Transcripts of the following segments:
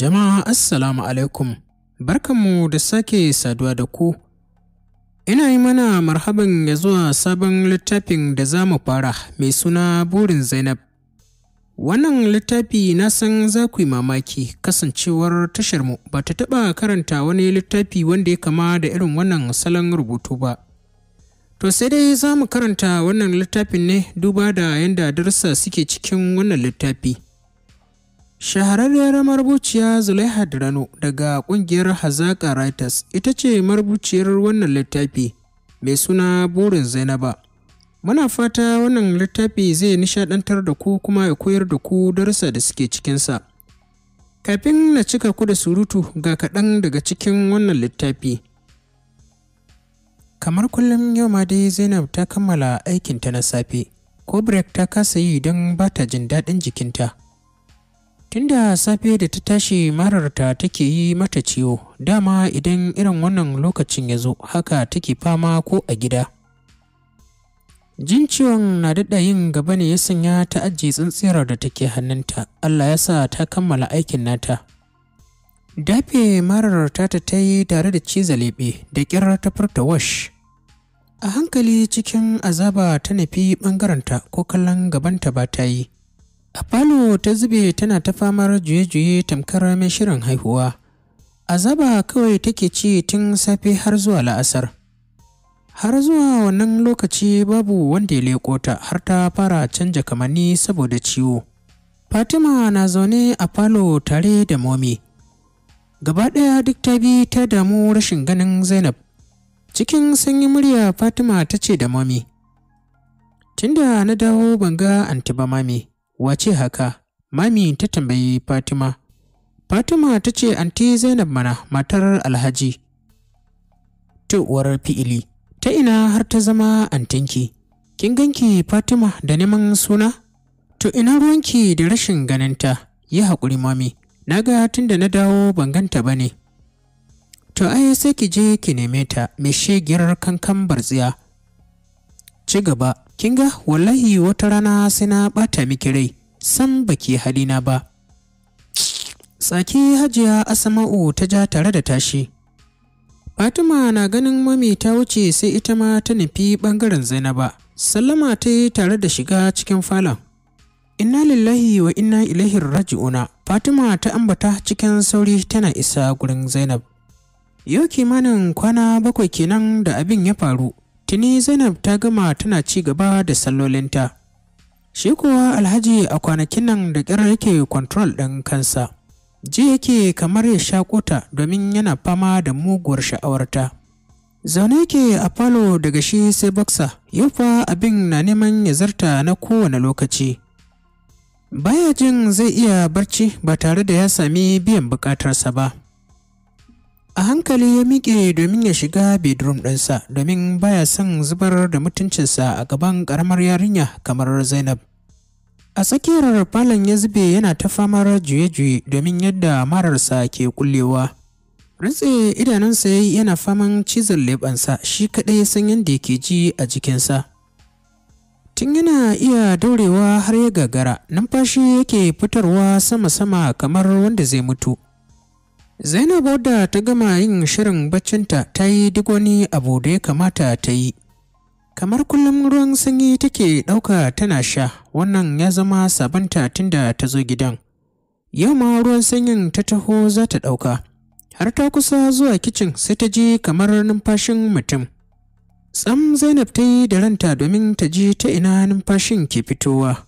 Jama'a Assalamu alaikum, barkanmu da sake saduwa da ku. Ina yi mana marhaban ya zuwa sabon littafin da za mu fara mai suna burin Zainab. Wannan littafi na san za ku yi mamaki kasancewar tasharmu ba ta taɓa karanta wani littafi wanda ya kama da irin wannan salon rubutu ba. To sai dai za mu karanta wannan littafin ne duba da yadda darussa suke cikin wannan littafi. Shahararriyar marubuciya Zulaiha Rano daga ƙungiyar Hazaka Writers ita ce marubuciyar wannan littafi mai suna Burin Zainaba. Muna fata wannan littafi zai nishaɗantar da ku kuma ya koyar da ku darussa da suke cikinsa. Kafin na cika ku da surutu ga kaɗan daga cikin wannan littafi. Kamar kullum yau ma dai Zainab ta kammala aikinta na safe, ko break ta kasa yi don ba ta jin daɗin jikinta. Tunda safe da ta tashi mararta take yi mata ciwo, dama idan irin wannan lokacin ya zo haka take fama ko a gida. Jin ciwon na daɗa yin gaba ne ya sanya ta ajiye tsintsirar da take hannunta, Allah ya sa ta kammala aikin nata. Dafe mararta ta ta yi tare da ciza leɓe da ƙirar ta furta wash. A hankali cikin azaba ta nufi ɓangarenta ko kallon gabanta ba ta yi. a falo ta zube tana ta famar juye-juye tamkar mai shirin haihuwa azaba kawai take ci tun safe har zuwa la'asar har zuwa wannan lokaci babu wanda ya leƙo ta har ta fara canja kamanni saboda ciwo fatima na zaune a falo tare da momi gaba ɗaya duk ta bi ta damu rashin ganin zainab cikin sanyi murya fatima ta ce da mami tunda na dawo banga ga anti ba mami wace haka mami ta tambayi fatima fatima ta ce anti zainab mana matar alhaji uwar fi'ili ta ina har ta zama antinki kin ganki fatima da neman suna to ina ruwanki da rashin ganinta yi haƙuri mami na ga tun da na dawo ban ganta ba ne to ai sai ki je ki neme ta mai shegiyar kankan barziya. ci gaba kin ga wallahi wata rana sai na ɓata miki rai san baki na ba tsaki hajiya Asma'u ta ja tare da tashi fatima na ganin mami ta wuce sai ita ma ta nufi ɓangaren zainaba sallama ta yi tare da shiga cikin falon inna lillahi wa inna ilaihi raji'una fatima ta ambata cikin sauri tana isa gurin zainab yau kimanin kwana bakwai kenan da abin ya faru Tuni Zainab ta gama tana ci gaba da sallolinta. Shi kuwa Alhaji a kwanakin nan da ƙyar yake kwantrol ɗin kansa. Ji yake kamar ya shakota domin yana fama da muguwar sha'awarta. Zaune yake a falo daga shi sai boxer yau fa abin na neman ya zarta na kowane lokaci. Baya jin zai iya barci ba tare da ya sami biyan bukatarsa ba. a hankali ya miƙe domin ya shiga bedroom ɗinsa domin baya son zubar da mutuncinsa a gaban ƙaramar yarinya kamar zainab a tsakiyar falon ya zube yana ta famar juye-juye domin yadda mararsa ke kullewa rintse idanunsa ya yana faman cizon leɓansa shi kaɗai san yadda yake ji a jikinsa tun yana iya daurewa har ya gagara numfashi yake fitarwa sama-sama kamar wanda zai mutu Zainab wadda ta gama yin shirin baccinta ta yi duk wani abu da ya kamata ta yi. Kamar kullum ruwan sanyi take ɗauka tana sha, wannan ya zama sabanta tunda ta zo gidan. Yau ma ruwan sanyin ta taho za ta ɗauka. Har ta kusa zuwa kicin sai ta ji kamar numfashin mutum. tsam Zainab ta yi da ranta domin ta ji ta ina numfashin ke fitowa.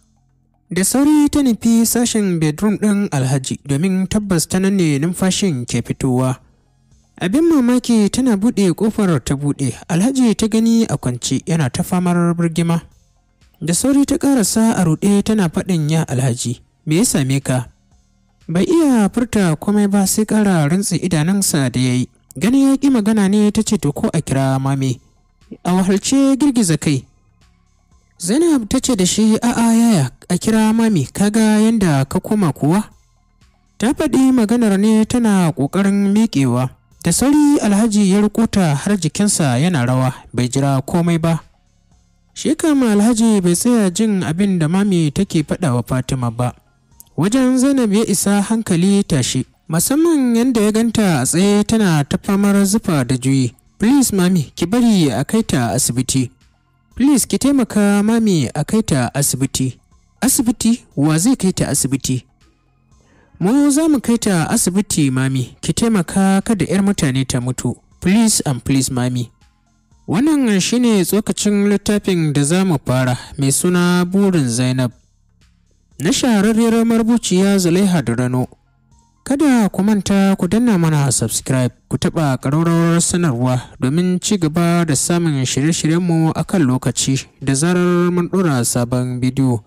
Da sauri ta nufi sashen bedroom ɗin Alhaji domin tabbas ta nan ne numfashin ke fitowa. Abin mamaki tana buɗe ƙofar ta buɗe, Alhaji ta gani a kwance yana ta famar birgima. Da sauri ta ƙarasa a ruɗe tana faɗin ya Alhaji, me ya same ka? Bai iya furta komai ba sai ƙara rantsi idanunsa da ya yi. Gani ya ƙi magana ne ta ce to ko a kira mame. A wahalce girgiza kai, Zainab ta ce da shi a'a yaya a kira mami kaga yanda ka koma kuwa? Ta faɗi maganar ne tana ƙoƙarin miƙewa. Da sauri Alhaji ya rukuta har jikinsa yana rawa bai jira komai ba. Shi kama Alhaji bai tsaya jin abin da mami take faɗawa Fatima ba. Wajen Zainab ya isa hankali tashi, musamman yadda ya ganta a tsaye tana ta famar zufa da juyi. Please mami, ki bari a kai ta asibiti. please ki taimaka mami a kai ta asibiti asibiti wa zai kai ta asibiti mu za mu kai ta asibiti mami ki taimaka kada 'yar mutane ta mutu please and please mami wannan shine tsokacin littafin da za mu fara mai suna burin zainab na shahararriyar marubuciya zulaiha durano Kada ku manta ku danna mana subscribe ku taɓa ƙararrawar sanarwa domin ci gaba da samun shirye-shiryenmu a kan lokaci da zarar mun ɗora sabon bidiyo.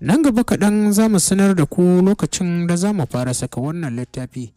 Nan gaba kaɗan za mu sanar da ku lokacin da za mu fara saka wannan littafi.